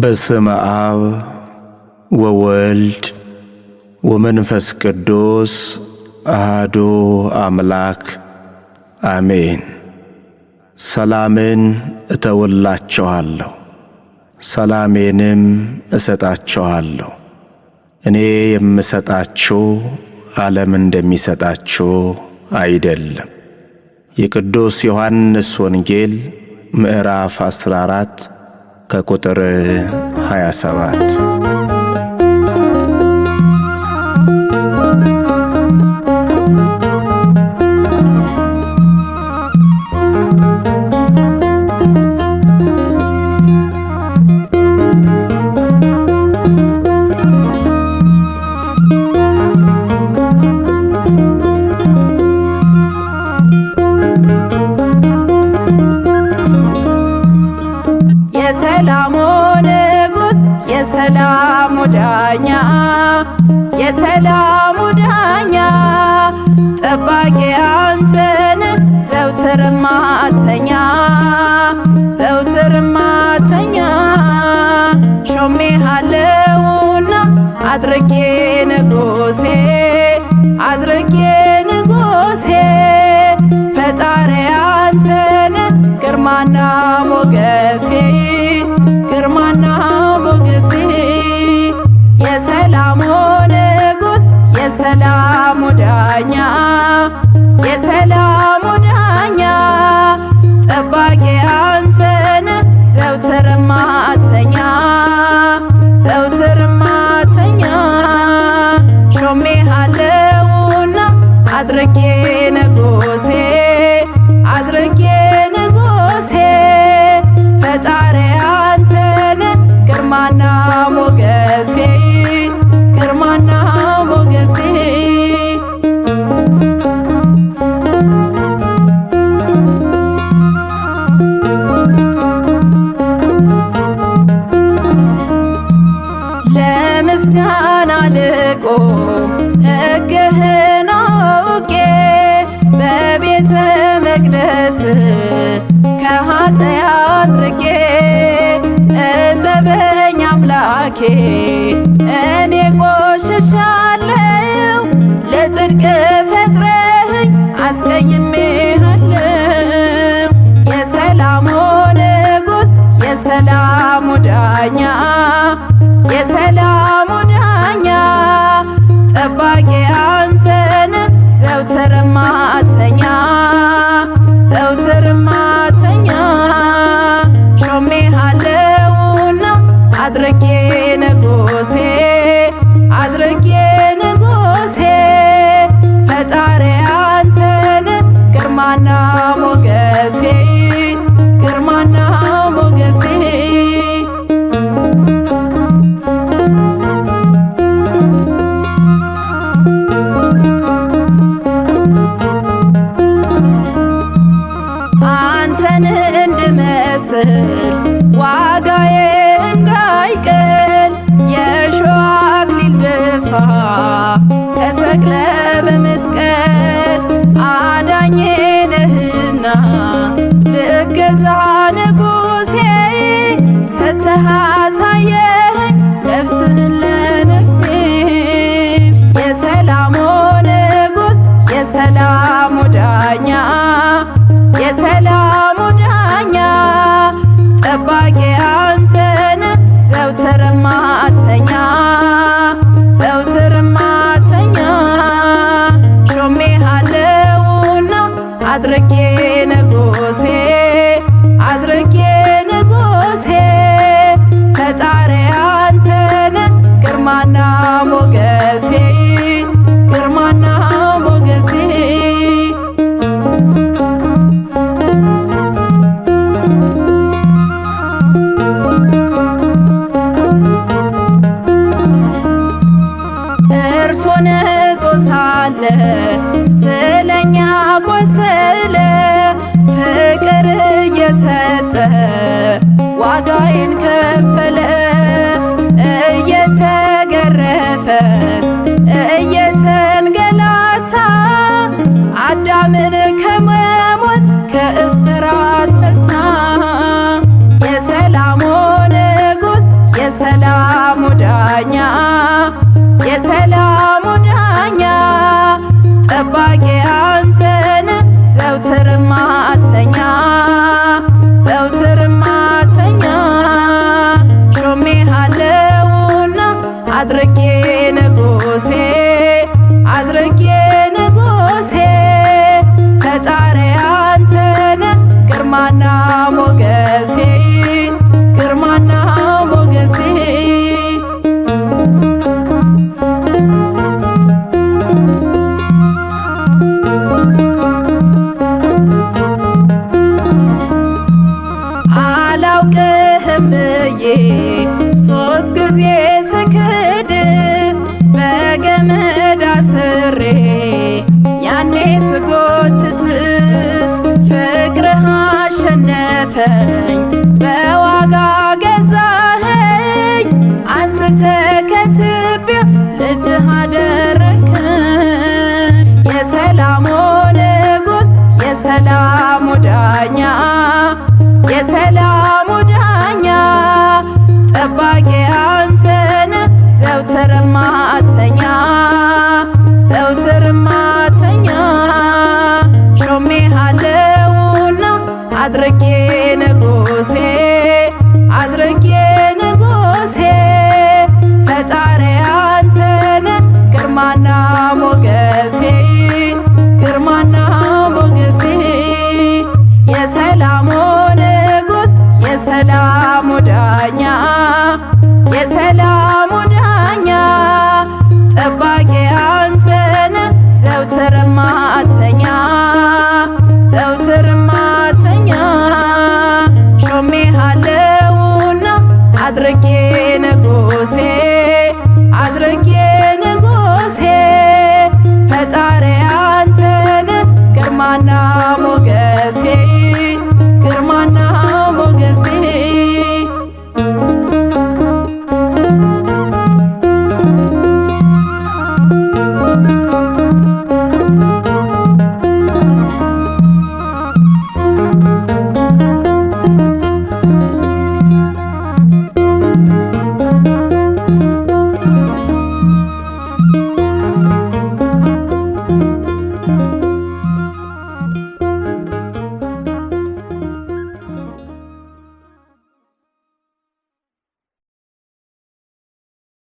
በስመ አብ ወወልድ ወመንፈስ ቅዱስ አህዶ አምላክ አሜን። ሰላምን እተውላችኋለሁ፣ ሰላሜንም እሰጣችኋለሁ። እኔ የምሰጣችሁ ዓለም እንደሚሰጣችሁ አይደለም። የቅዱስ ዮሐንስ ወንጌል ምዕራፍ 14 ከቁጥር 27 የሰላሙ ዳኛ የሰላሙ ዳኛ ጠባቂ አንተን ዘውትር ማተኛ ዘውትር ማተኛ ሾሜ አድርጌ ንጉሴ አድርጌ ንጉሴ ፈጣሪ አንተን ግርማና ሞገሴ ግርማና የሰላሙ ዳኛ የሰላሙ ዳኛ ጠባቂ አንተነ ዘውትር ማተኛ ዘውትር ማተኛ ሾሜ አለውና አድርጌ ንጉሴ አድርጌ መለስ ከኃጢአት ርቄ እጠበኝ አምላኬ እኔ ቆሽሻለሁ ለጽድቅ ፈጥረኸኝ አስቀይሜሃል ግርማና ሞገሴ ግርማና ሞገሴ አንተን እንድመስል ዋጋዬ እንዳይቀል የሾህ አክሊል ደፋ ተሰቅለ በመስቀል ዳኛ የሰላሙ ዳኛ ጠባቂ አንተን ዘውትር ማተኛ ዓለምን ከመሞት ከእስራት ፈታ የሰላሙ ንጉሥ የሰላሙ ዳኛ የሰላሙ ዳኛ ጠባቂ carreira. ግርማና ሞገሴ ግርማና ሞገሴ የሰላሙ ንጉሥ የሰላሙ ዳኛ የሰላሙ ዳኛ ጠባቂ አንተነ ዘውትርማ